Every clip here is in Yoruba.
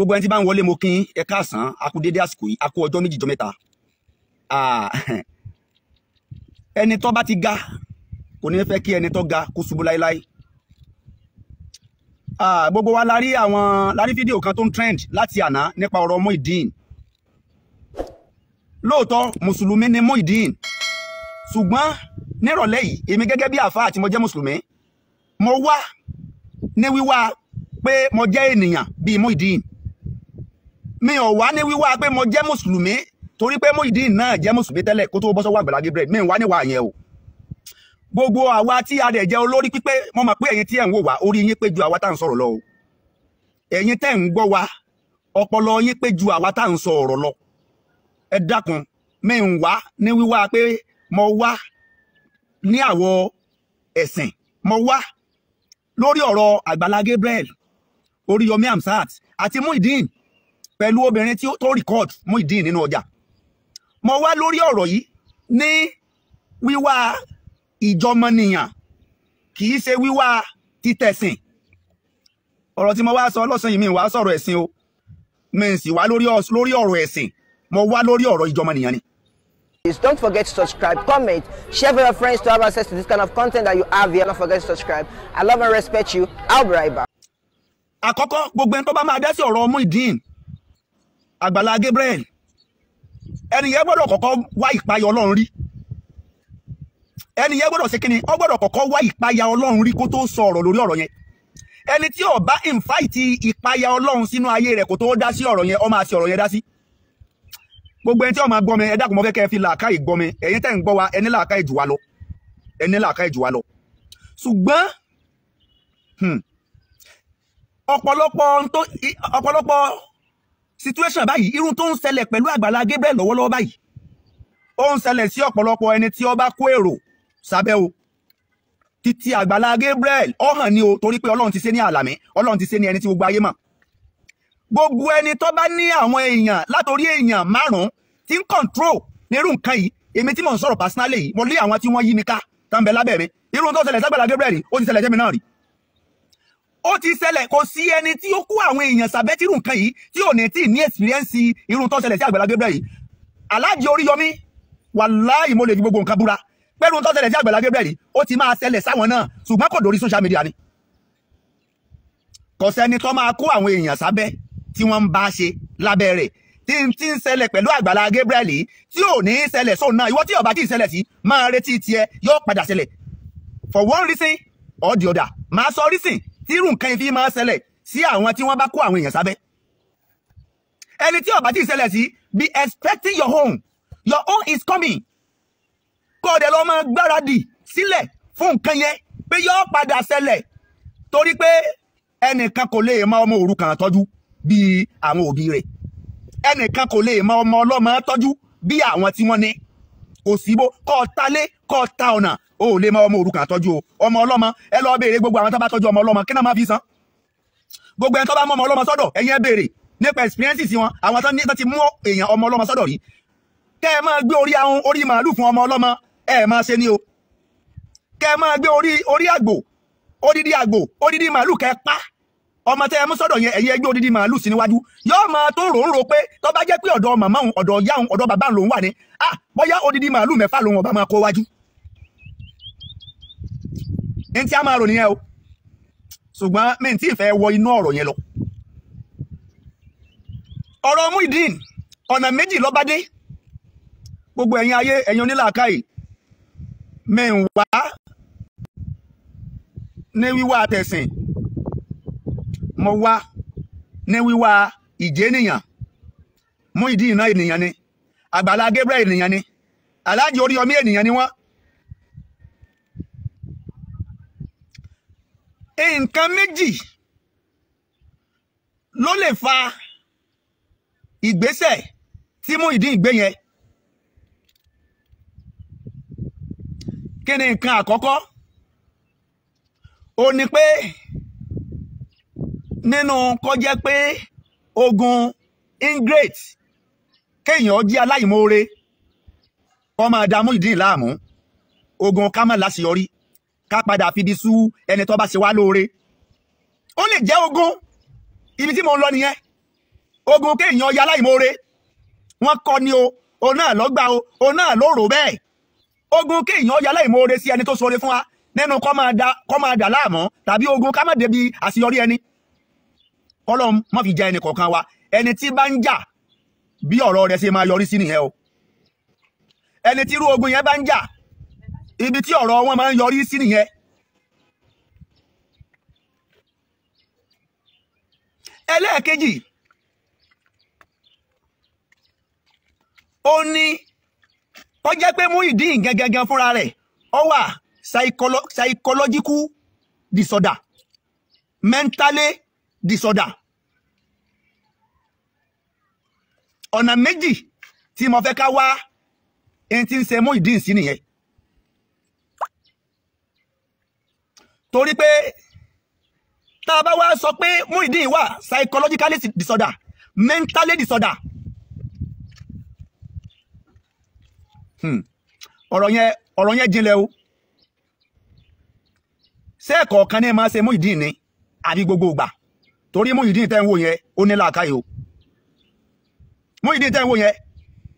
gbogbo ẹni tí bá ń wọlé mo kín ẹ káàsán a kú dédé àsìkò yìí a kú ọjọ́ méjì jọ mẹ́ta ah, ẹni tó bá ti ga kò ní fẹ́ kí ẹni tó ga kó ṣubú láíláí ah, gbogbo wa la rí àwọn la fídíò kan tó ń trend láti àná nípa ọ̀rọ̀ Muyideen lóòótọ́ mùsùlùmí ni Muyideen ṣùgbọ́n nírọ̀lẹ́ yìí èmi gẹ́gẹ́ bí àfa àti mo jẹ́ mùsùlùmí mo wá ní wíwá pé mo jẹ́ ènìyàn bíi Muyideen mi ò wá ní wíwá pé mo jẹ́ mùsùlùmí torí pé Muyideen náà jẹ́ mùsùlùmí tẹ́lẹ̀ kó tó bọ́ sọ́wọ́ Àgbàlá Gabriel mi ò wá níwá yẹn o gbogbo àwa tí a dẹ̀ jẹ́ olórí pípé mo mọ̀ pé ẹ̀yin tí ẹ̀ ń wò wá orí yín pé ju àwa tá à ń sọ̀rọ̀ lọ o ẹ̀yin tẹ́ ń gbọ́ wa ọpọlọ yín pé ju àwa tá à ń sọ lọ ẹ dákun mi ń wá ní wíwá pé mo wá ní àwọ̀ ẹ̀sìn mo wá lórí ọ̀rọ̀ Àgbàlá Gabriel Oríyọmí Hamzat àti Muyideen pẹ̀lú obìnrin tí ó tó record Muyideen nínú ọjà mo wá lórí ọ̀rọ̀ yìí ní wíwá ìjọmọnìyàn kì í ṣe wíwá títẹ̀sìn ọ̀rọ̀ tí mo wá sọ lọ́sàn yìí mi wá sọ̀rọ̀ ẹ̀sìn o mi sì wá lórí ọ̀rọ̀ ẹ̀sìn mo wá lórí ọ̀rọ̀ ìjọmọnìyàn ni. Please don't forget to subscribe, comment, share with your friends to have access to this kind of content that you have here. Don't forget to subscribe. I love and respect you. I'll be right back. Àkọ́kọ́ gbogbo ẹni tó bá máa dá sí ọ̀rọ̀ Muyideen àgbàlá Gabriel ẹnìyẹn gbọ́dọ̀ kọ́kọ́ wá ìpayà Ọlọ́run rí ẹnìyẹn gbọ́dọ̀ ṣe kí ni ó gbọ́dọ̀ kọ́kọ́ wá ìpayà Ọlọ́run rí kó tó sọ ọ̀rọ̀ lórí ọ̀rọ̀ yẹn ẹni tí ó bá ìnfàìtì ìpayà Ọlọ́run sínú ayé rẹ̀ kó tó dá sí ọ̀rọ̀ yẹn ó máa ṣe ọ̀rọ̀ yẹn dá sí gbogbo ẹni tí ó máa gbọ́mi ẹ dákun mọ́ fẹ́ fi làákàyè gbọ́mi ẹ̀yin tẹ́ ń gbọ́ wa ẹni làákàyè jù wá lọ ẹni làákàyè jù wá lọ ṣùgbọ́n hmm, ọ̀pọ̀lọpọ̀ situation báyìí irun tó ń ṣẹlẹ̀ pẹ̀lú àgbàlá Gabriel lọ́wọ́lọ́wọ́ báyìí ó ń ṣẹlẹ̀ sí ọ̀pọ̀lọpọ̀ ẹni tí ó bá kó èrò sábẹ́ o títí àgbàlá Gabriel ó hàn ní o torí pé Ọlọ́run ti ṣe ní àlàmí Ọlọ́run ti ṣe ní ẹni tí gbogbo ayé mọ̀ gbogbo ẹni tó bá ní àwọn èèyàn látòrí èèyàn márùn-ún tí ń control nírú nǹkan yìí èmi tí mò ń sọ̀rọ̀ personally yìí mo lé àwọn tí wọ́n yí mi ká tán bẹ lábẹ́ mi irú tó ṣẹlẹ̀ ságbàlá Gabriel ó ti ṣẹlẹ̀ jẹ́mi náà rí ó ti ṣẹlẹ̀ kò sí ẹni tí ó kó àwọn èèyàn sàbẹ́tìrù nǹkan yìí tí ò ní tí ní ẹ̀sìrẹ́ǹsì irun tó ṣẹlẹ̀ sí Àgbàlá Gabriel yìí Aláàjì Oríyọmí wàláì mo lè fi gbogbo nǹkan búra pẹ̀lú tó ṣẹlẹ̀ sí Àgbàlá Gabriel yìí ó ti máa ṣẹlẹ̀ sáwọn náà ṣùgbọ́n kò dórí social media ni kò sẹ́ni tó máa kó àwọn èèyàn sábẹ́ tí wọ́n ń bá ṣe lábẹ́ rẹ̀ tí n ti ń ṣẹlẹ̀ pẹ̀lú Àgbàlá Gabriel yìí tí ò ní í ṣẹlẹ̀ sóun náà ìwọ tí ó tí ì ṣẹlẹ̀ sí máa retí tiẹ̀ yóò padà ṣẹlẹ̀ for one reason or the other máa sọ reason tí irú nǹkan fi máa ṣẹlẹ̀ sí àwọn tí wọ́n bá kó àwọn èèyàn sábẹ́ ẹni tí ó bá ti ṣẹlẹ̀ sí be expecting your own your own is coming kó o dẹ̀ lọ́ọ́ máa gbáradì sílẹ̀ fún nǹkan yẹn pé yóò padà ṣẹlẹ̀ torí pé ẹnìkan kò lè mọ ọmọ òrukàn tọ́jú bíi àwọn òbí rẹ̀ ẹnìkan kò lè mọ ọmọ ọlọ́mọ tọ́jú bí àwọn tí wọ́n ní kò síbó kọ́ ọ ta lé kọ́ ọ ta ọ̀nà o ò lè mọ ọmọ òrukàn àtọ́jú o ọmọ ọlọ́mọ ẹ lọ béèrè gbogbo àwọn tó bá tọ́jú ọmọ ọlọ́mọ kí náà má fi san gbogbo ẹni tó bá mọ ọmọ ọlọ́mọ sọ́dọ̀ ẹ̀yin ẹ béèrè nípa experiences wọn àwọn tó ní tó ti mú èèyàn ọmọ ọlọ́mọ sọ́dọ̀ rí kẹ́ ẹ máa gbé orí ahun orí màálù fún ọmọ ọlọ́mọ ẹ máa ṣe ni o kẹ́ ẹ máa gbé orí orí àgbò odidi àgbò odidi màálù kẹ́ ẹ pa ọmọ tẹ́ ẹ mú sọ́dọ̀ yẹn ẹ̀yin ẹ odidi màálù sí níwájú yóò máa tó rò ń ro pé tó bá jẹ́ pé ọ̀dọ̀ màmá òun ọ̀dọ̀ ìyá òun ọ̀dọ̀ bàbá òun wà ah bóyá odidi màálù mẹ́fà lòun ọba máa kó wájú ní tí a máa rò nìyẹn o ṣùgbọ́n mi tí ìfẹ́ wọ inú ọ̀rọ̀ yẹn lọ. ọ̀rọ̀ Muyideen ọ̀nà méjì lọ́bádé gbogbo ẹ̀yin ayé ẹ̀yin onílàákàyè mi ń wá ní wíwá àtẹ̀sìn mo wá ní wíwá ìjẹ́nìyàn Muyideen ènìyàn ni Àgbàlá Gabriel ènìyàn ni Aláàjì Oríyọmí ènìyàn ni wọ́n nǹkan méjì ló lè fa ìgbésẹ̀ tí mú ìdí ìgbé yẹn kí ni nǹkan àkọ́kọ́ ó ní pé nínú kó jẹ́ pé ogun ingrate kéèyàn jẹ́ aláìmoore kó máa dààmú ìdí ìlààmú ogun ká má láṣeyọrí. ká padà fìdí sú ẹni tó bá ṣe wá lóore ó lè jẹ́ ogun ibi tí mo ń lọ nìyẹn ogun kéèyàn ya láìmoore wọ́n kọ́ ni o òun náà lọ́gbà o òun náà ló bẹ́ẹ̀ ogun kéèyàn ya láìmoore sí ẹni tó ṣoore fún wa nínú kọ́ máa da kọ́ máa dà láàmú tàbí ogun ká má débi àṣeyọrí ẹni ọlọ́run má fi jẹ ẹnì kọ̀ọ̀kan wa ẹni tí bá ń jà bí ọ̀rọ̀ rẹ̀ ṣe máa yọrí sí nìyẹn o ẹni tí irú ogun yẹn bá ń jà ibi tí ọ̀rọ̀ wọn máa ń yọrí sí nìyẹn ẹlẹ́ẹ̀kejì ó ní ó jẹ́ pé Muyideen gangan fúnra rẹ̀ ó wà psychological disorder mentally disorder ọ̀nà méjì tí mo fẹ́ ká wá ẹni tí ń ṣe Muyideen sí nìyẹn. torí pé tá a bá wá sọ pé Muyideen wà psychological disorder mental disorder hmm. ọ̀rọ̀ yẹn ọ̀rọ̀ yẹn jinlẹ̀ o ṣé ẹ̀kọ́ kan ní ẹ máa ṣe Muyideen ni àbí gbogbo ìgbà torí Muyideen tẹ́ ń wò yẹn ó ní làákàyè o Muyideen tẹ́ ń wò yẹn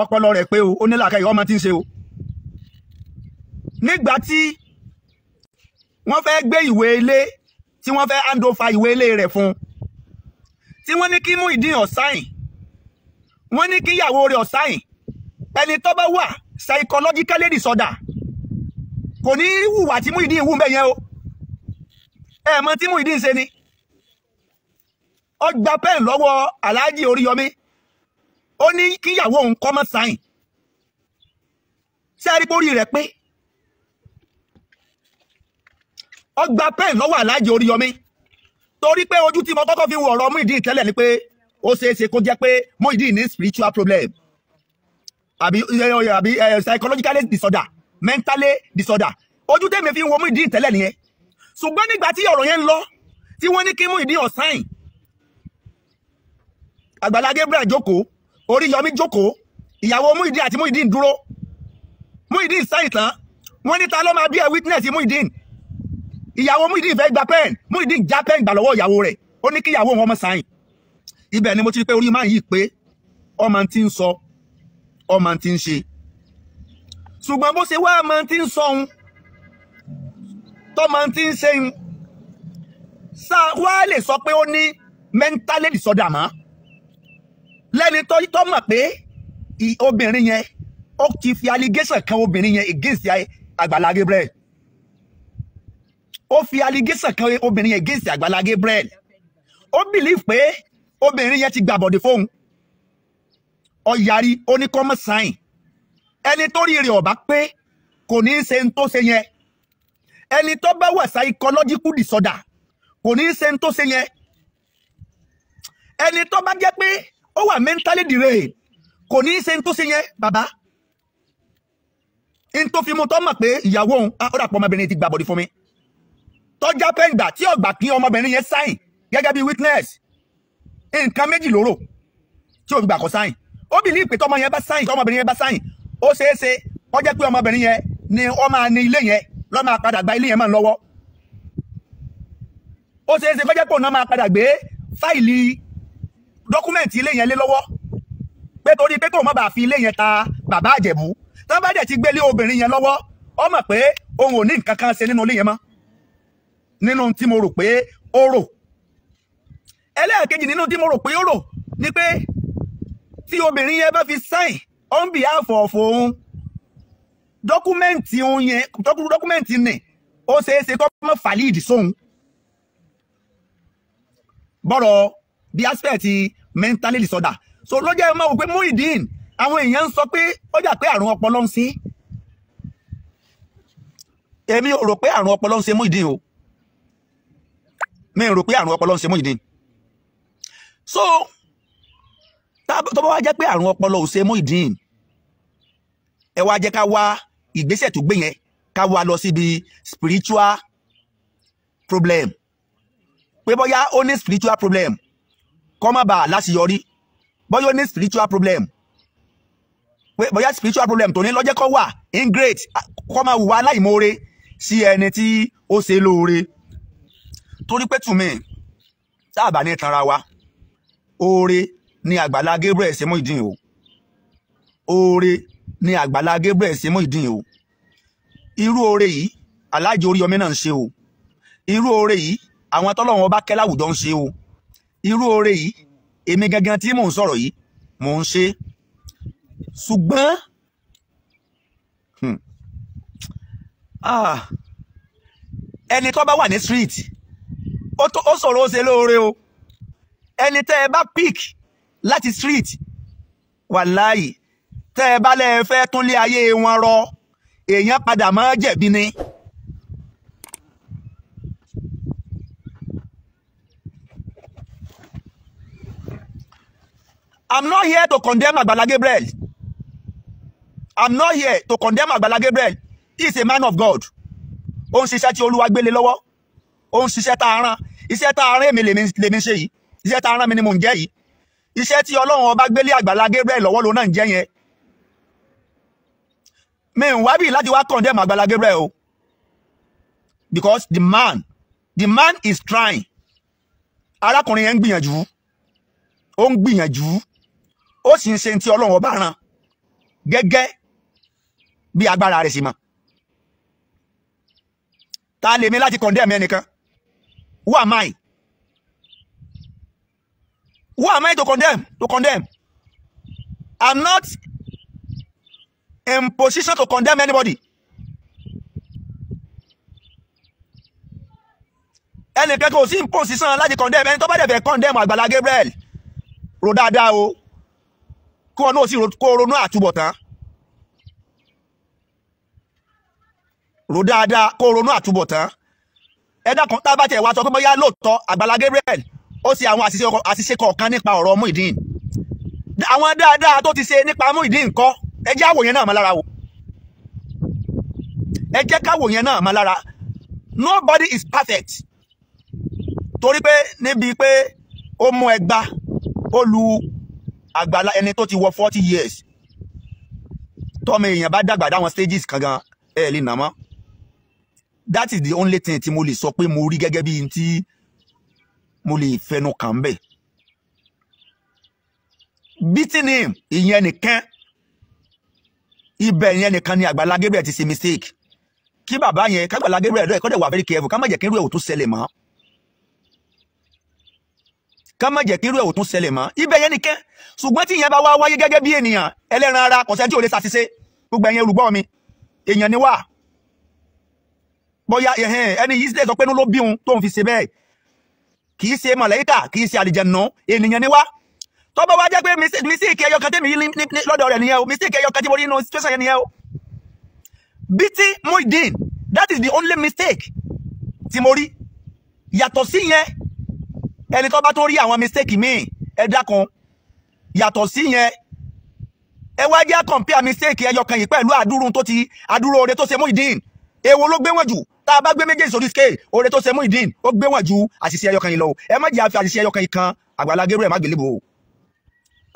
ọpọlọ rẹ̀ pé o ó ní làákàyè ọmọ tí ń ṣe o nígbà tí wọ́n fẹ́ gbé ìwé ilé tí wọ́n fẹ́ hand over ìwé ilé rẹ̀ fún un tí wọ́n ní kí Muyideen ọ̀sáyìn wọ́n ní kí ìyàwó rẹ̀ ọ̀sáyìn ẹni tó bá wà psychologically disorder kò ní hùwà tí Muyideen hù mẹ́yẹn o ẹ mọ̀ tí Muyideen ṣe ni ó gba pẹ́ẹ̀n lọ́wọ́ aláàjì Oríyọmí ó ní kíyàwó òun kọ́mọ́ sáyìn sẹ́ẹ̀rí borí rẹ̀ pé ọgbà pen lọ́wọ́ aláàjì Oríyọmí torí pé ojú tí mo kọ́kọ́ fi wo ọ̀rọ̀ Muyideen tẹ́lẹ̀ ni pé ó ṣeé ṣe kó jẹ́ pé Muyideen ní spiritual problem àbí àbí psychological disorder mental disorder ojú tèmi fi wo Muyideen tẹ́lẹ̀ nìyẹn ṣùgbọ́n nígbà tí ọ̀rọ̀ yẹn ń lọ tí wọ́n ní kí Muyideen ọ̀sáìn Àgbàlá Gabriel jókòó Oríyọmí jókòó ìyàwó Muyideen àti Muyideen dúró Muyideen sáì tán wọ́n ní ta ló máa bí ẹ witness Muyideen ìyàwó Muyideen fẹ́ gba pen Muyideen já pen gbà lọ́wọ́ ìyàwó rẹ̀ ó ní kí ìyàwó wọn ọmọ sáyìn ibẹ̀ ni mo ti rí pé orí máa yìí pé ọmọ ti ń sọ ọmọ ti ń ṣe ṣùgbọ́n bó ṣe wá ọmọ ti ń sọ ohun tọ́mọ ti ń ṣe ohun sá wá lè sọ pé ó ní mentally disorder mọ́ lẹ́ni tó mọ̀ pé obìnrin yẹn ó ti fi allegation kan obìnrin yẹn against Àgbàlá ó fi allegation kan obìnrin yẹn against Àgbàlá Gabriel ó believe pé obìnrin yẹn ti gbà bọ̀dẹ̀ fóun ó yarí ó sign ẹni tó rí rẹ̀ ọ̀bá pé kò ní í ṣe ń tó ṣe yẹn ẹni tó bá wà psychological disorder kò ní í ṣe ń tó ṣe yẹn ẹni tó bá jẹ́ pé ó wà mentally derailed kò ní í ṣe ń tó ṣe yẹn bàbá n tó fi mú tọ́ mọ̀ pé ìyàwó òun ah, ó dàpọ̀ ọmọbìnrin ti gbà bọ̀dí fún mi. tọ́já pé ìgbà tí ọ̀gbà kí ọmọbìnrin yẹn sáìn gẹ́gẹ́ bí witness nǹkan méjì lóró tí òbí gbà kó sáìn ó bì ní ìpè tọmọ yẹn bá sáìn tọmọbìnrin yẹn bá sáìn ó ṣeé ṣe ó pé ọmọbìnrin yẹn ni ọ máa ní ilé yẹn máa gba ilé yẹn mọ́ lọ́wọ́ ó ṣeé ṣe pé máa padà gbé fáìlì dọ́kúmẹ̀ntì ilé yẹn lé lọ́wọ́ pé torí pé kò fi ilé yẹn ta bàbá àjẹ̀bú bá dẹ̀ ti gbélé obìnrin yẹn lọ́wọ́ pé òun ò ní nǹkan kan ṣe nínú ilé yẹn nínú tí mo rò pé ó rò ẹlẹ́ẹ̀kejì nínú tí mo rò pé ó rò ni pé tí obìnrin yẹn bá fi sign on behalf of òun dọ́kúmẹ́ǹtì òun yẹn dọ́kúmẹ́ǹtì nì ó ṣeé ṣe kó mọ́ fàlíìdì sóhun bọ́rọ̀ the aspect mentally disorder so ló jẹ́ mọ́ wò pé Muyideen àwọn èèyàn ń sọ pé ó jà pé àrùn ọpọlọ ń sí èmi ò rò pé àrùn ọpọlọ ń ṣe Muyideen o mi rò pé àrùn ọpọlọ ń ṣe Muyideen so tó bá wá jẹ́ pé àrùn ọpọlọ ò ṣe Muyideen ẹ wá jẹ́ ká wá ìgbésẹ̀ tó gbé yẹn ká wá lọ síbi spiritual problem pé bóyá ó ní spiritual problem kó má bàa láṣeyọrí bóyá ó ní spiritual problem pé bóyá spiritual problem tó ní lọ́jẹ́ kó wà ingrate kó máa wù wá láìmoore sí ẹni tí ó ṣe lóore torí pé tùmí tá a bá ní tanra wa oore ni àgbàlá Gabriel ṣe Muyideen o oore ni àgbàlá Gabriel ṣe Muyideen o irú oore yìí aláàjì Oríyọmí náà ń ṣe o irú oore yìí àwọn tọ́lọ́wọ́n bá kẹ́ láwùjọ ń ṣe o irú oore yìí èmi gangan tí mò ń sọ̀rọ̀ yìí mò ń ṣe ṣùgbọ́n hmm, ah, ẹni tó bá wà ní street ó sọ̀rọ̀ ó ṣe lóore o ẹni tẹ́ ẹ bá pick láti street wàláyì tẹ́ ẹ bá lẹ́ẹ̀ fẹ́ tún ayé wọn rọ èèyàn padà máa jẹ̀bi ni. I'm not here to condemn Agbala Gabriel. I'm not here to condemn Agbala Gabriel. He is a man of God. Ó ń ṣiṣẹ́ tí Olúwa gbélé lọ́wọ́ ó ń ṣiṣẹ́ tá a rán iṣẹ́ tá a rán èmi lèmi ṣe yìí iṣẹ́ tá a rán mi ni mò ń jẹ́ yìí iṣẹ́ tí ọlọ́run ọba gbélé àgbàlá Gabriel lọ́wọ́ ló náà ń jẹ́ yẹn mi ń wábì láti wá condemn àgbàlá Gabriel o because the man the man is trying arákùnrin yẹn ń gbìyànjú ó ń gbìyànjú ó sì ń ṣe ti ọlọ́run ọba rán gẹ́gẹ́ bí agbára rẹ̀ sì mọ̀ ta lèmi láti condemn ẹnìkan Who am I? Who am I to condemn? To condemn. I'm not in position to condemn anybody. ẹnìkan kò in position láti condemn ẹni tó bá dẹ̀ fẹ́ condemn Àgbàlá Gabriel ro dáadáa o kí wọn náà sì kó ronú àtúbọ̀tán ro dáadáa kó ronú àtúbọ̀tán ẹ dákun tá a wá sọ pé bóyá lóòótọ́ Àgbàlá Gabriel ó ṣe àwọn àṣìṣe kọ̀ọ̀kan nípa ọ̀rọ̀ Muyideen àwọn dáadáa tó ti ṣe nípa Muyideen ńkọ́ ẹ jẹ́ àwò náà mọ́ wò ẹ jẹ́ káwò náà mọ́ nobody is perfect torí pé níbi pé ó mú ẹgbà ó lu Àgbàlá ẹni tó ti wọ forty years tọ́mọ èèyàn bá dàgbà dáwọn stages kan gan ẹ̀ lè nà mọ́ that is the only thing tí mo lè So pé mo rí gẹ́gẹ́ bí n tí mo lè fẹnu kàn ń bẹ̀. beating him ìyẹn nìkan ibẹ̀ ìyẹn ni Àgbàlá Gabriel ti ṣe mistake kí bàbá yẹn k'Àgbàlá Gabriel ẹ̀dọ́ ìkọ́dẹ̀ wà very careful ká má jẹ́ kí irú ẹ̀ ò tún ṣẹlẹ̀ mọ́ ká má jẹ́ kí irú ẹ̀ ò tún ṣẹlẹ̀ mọ́ ibẹ̀ yẹn nìkan ṣùgbọ́n tí ìyẹn bá wá wáyé gẹ́gẹ́ bí ènìyàn ẹlẹ́ran ara kọ̀ṣẹ́ tí ò lè ṣàṣìṣe gbogbo ẹ̀yẹn olùgbọ́ mi èèyàn ni wà bóyá ẹni yìí sílẹ̀ sọ pé inú ló bí òun tóun fi ṣe bẹ́ẹ̀ kì í ṣe màláíkà kì í ṣe àlìjẹ̀nà ènìyàn ni wá tọ́bọ̀ wá jẹ́ pé mísíkì ẹyọ kan tẹ́mi yìí lọ́dọ̀ rẹ̀ nìyẹn o mísíkì ẹyọ kan tí mo rí inú situation yẹn nìyẹn o bíntí Muyideen that is the only mistake tí mo rí yàtọ̀ sí yẹn ẹni tó bá tó rí àwọn mistake míì ẹ dákun yàtọ̀ sí yẹn ẹ wá jẹ́ compare mistake ẹyọ kan yìí pẹ̀lú àdúrún tó ti àdúró oore tó ṣe Muyideen èwo ló gbé wọn jù Ta a bá gbé méjèèjì sórí scale oore tó ṣe Muyideen ó gbé wọn ju àṣìṣe ẹyọkan yìí lọ ẹ má jẹ́ àfi àṣìṣe ẹyọkan yìí kan Àgbàlá Gabriel má gbélébò o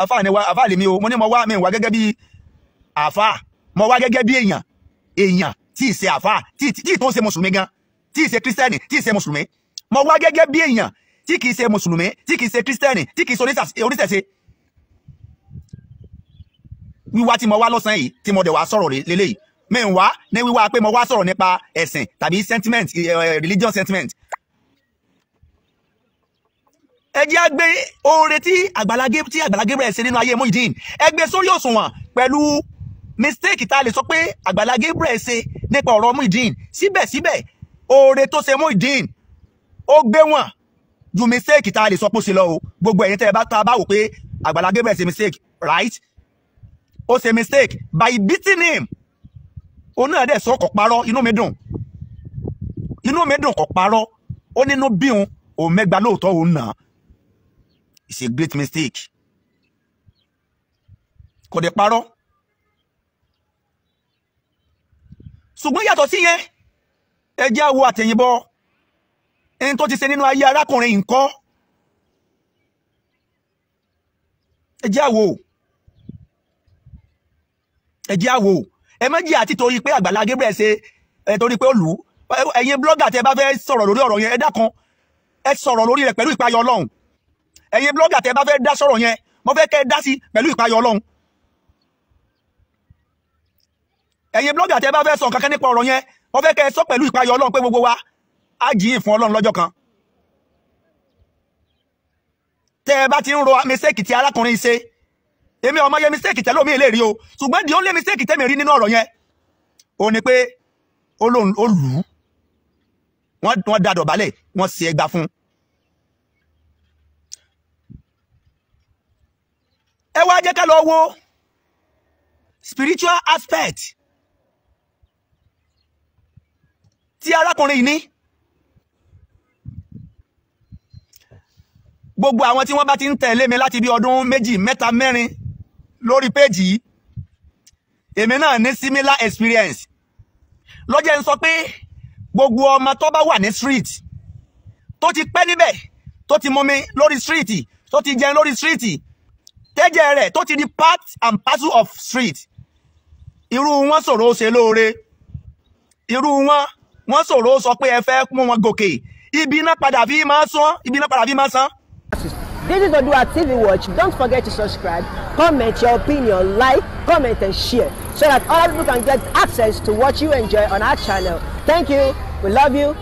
àfa ni wa àfa lèmi o mo ní mo wá mi wá gẹ́gẹ́ bí àfa mo wá gẹ́gẹ́ bí èèyàn èèyàn ti ì ṣe àfa tí ì se ṣe mùsùlùmí gan tí ì ṣe kírísítẹ́nì tí ì ṣe mo wá gẹ́gẹ́ bí èèyàn tí kì í ṣe mùsùlùmí tí kì í ṣe kírísítẹ́nì tí kì í ṣe oníṣẹ̀ṣe wíwá tí mo wá lọ́sàn-án yìí tí mo dẹ̀ wá sọ̀rọ̀ lélẹ́yìí mẹ́wàá ní wíwá pé mo wá sọ̀rọ̀ nípa ẹ̀sìn tàbí sentiment eh, eh, religion sentiment. ẹ jẹ́ àgbẹ̀ oore tí Àgbàlá tí Àgbàlá Gabriel ṣe nínú ayé Muyideen ẹ gbé sórí òṣùwọ̀n pẹ̀lú mistake tá a lè sọ pé Àgbàlá Gabriel ṣe nípa ọ̀rọ̀ Muyideen síbẹ̀síbẹ̀ oore tó ṣe Muyideen ó gbé wọn ju mistake tá a lè sọ pé ó ṣe lọ o gbogbo ẹ̀yin tẹ́ ẹ bá tá bá wò pé Àgbàlá Gabriel ṣe mistake right ó ṣe mistake by beating him òun náà dẹ̀ sọ kò parọ́ inú mi dùn inú mi dùn kò parọ́ ó nínú bí òun mẹ́gba lóòótọ́ òun nà it's a great mistake kò dẹ̀ parọ́ ṣùgbọ́n yàtọ̀ sí yẹn ẹ jẹ́ àwo àtẹ̀yìnbọ ẹni tó ti ṣe nínú ayé arákùnrin nǹkan ẹ àwo ẹ àwo ẹ má jìyà àti torí pé Àgbàlá Gabriel ṣe ẹ torí pé ó lù ú ẹ̀yin blọ́gà tẹ bá fẹ́ sọ̀rọ̀ lórí ọ̀rọ̀ yẹn ẹ dákan ẹ sọ̀rọ̀ lórí rẹ̀ pẹ̀lú ìpayọ̀ Ọlọ́run ẹ̀yin blọ́gà tẹ bá fẹ́ dá sọ̀rọ̀ yẹn mo fẹ́ kẹ́ ẹ dá sí pẹ̀lú ìpayọ̀ Ọlọ́run ẹ̀yin blọ́gà tẹ bá fẹ́ sọ kankan nípa ọ̀rọ̀ yẹn mo fẹ́ kẹ́ ẹ sọ pẹ̀lú ìpayọ̀ Ọlọ́run pé gbogbo wa á jìyìn fún Ọlọ́run lọ́jọ́ kan tẹ ẹ bá ti ń ro mistake ti arákùnrin ṣe èmi ọmọ yẹ mistake tẹ́lómi èlé rí o ṣùgbọ́n di only mistake tẹ́mi rí nínú ọ̀rọ̀ yẹn ó ní pé ó lòun ó lù ú wọ́n da dọ̀bálẹ̀ wọ́n sì ẹgbà fún ẹ wá jẹ́ ká lọ wo spiritual aspect tí arákùnrin yìí ní. gbogbo àwọn tí wọ́n bá ti ń tẹ̀lé mi láti bí ọdún méjì mẹ́ta mẹ́rin lórí péjì yìí èmi náà ní similar experience lọ́jẹ́ ń sọ pé gbogbo ọmọ tó bá wà ní street tó ti pẹ́ níbẹ̀ tó ti mumi lórí street tó ti jẹun lórí street tẹ́jẹ́ rẹ̀ tó ti di part and parcel of street irú wọn sọ̀rọ̀ ṣe lóore irú wọn wọn sọ̀rọ̀ sọ pé ẹ fẹ́ mú wọn gòkè ibi náà padà fi máa san ibi náà padà fi máa san. This is Odua TV Watch. Don't forget to subscribe, comment your opinion, like, comment and share so that other people can get access to what you enjoy on our channel. Thank you. We love you.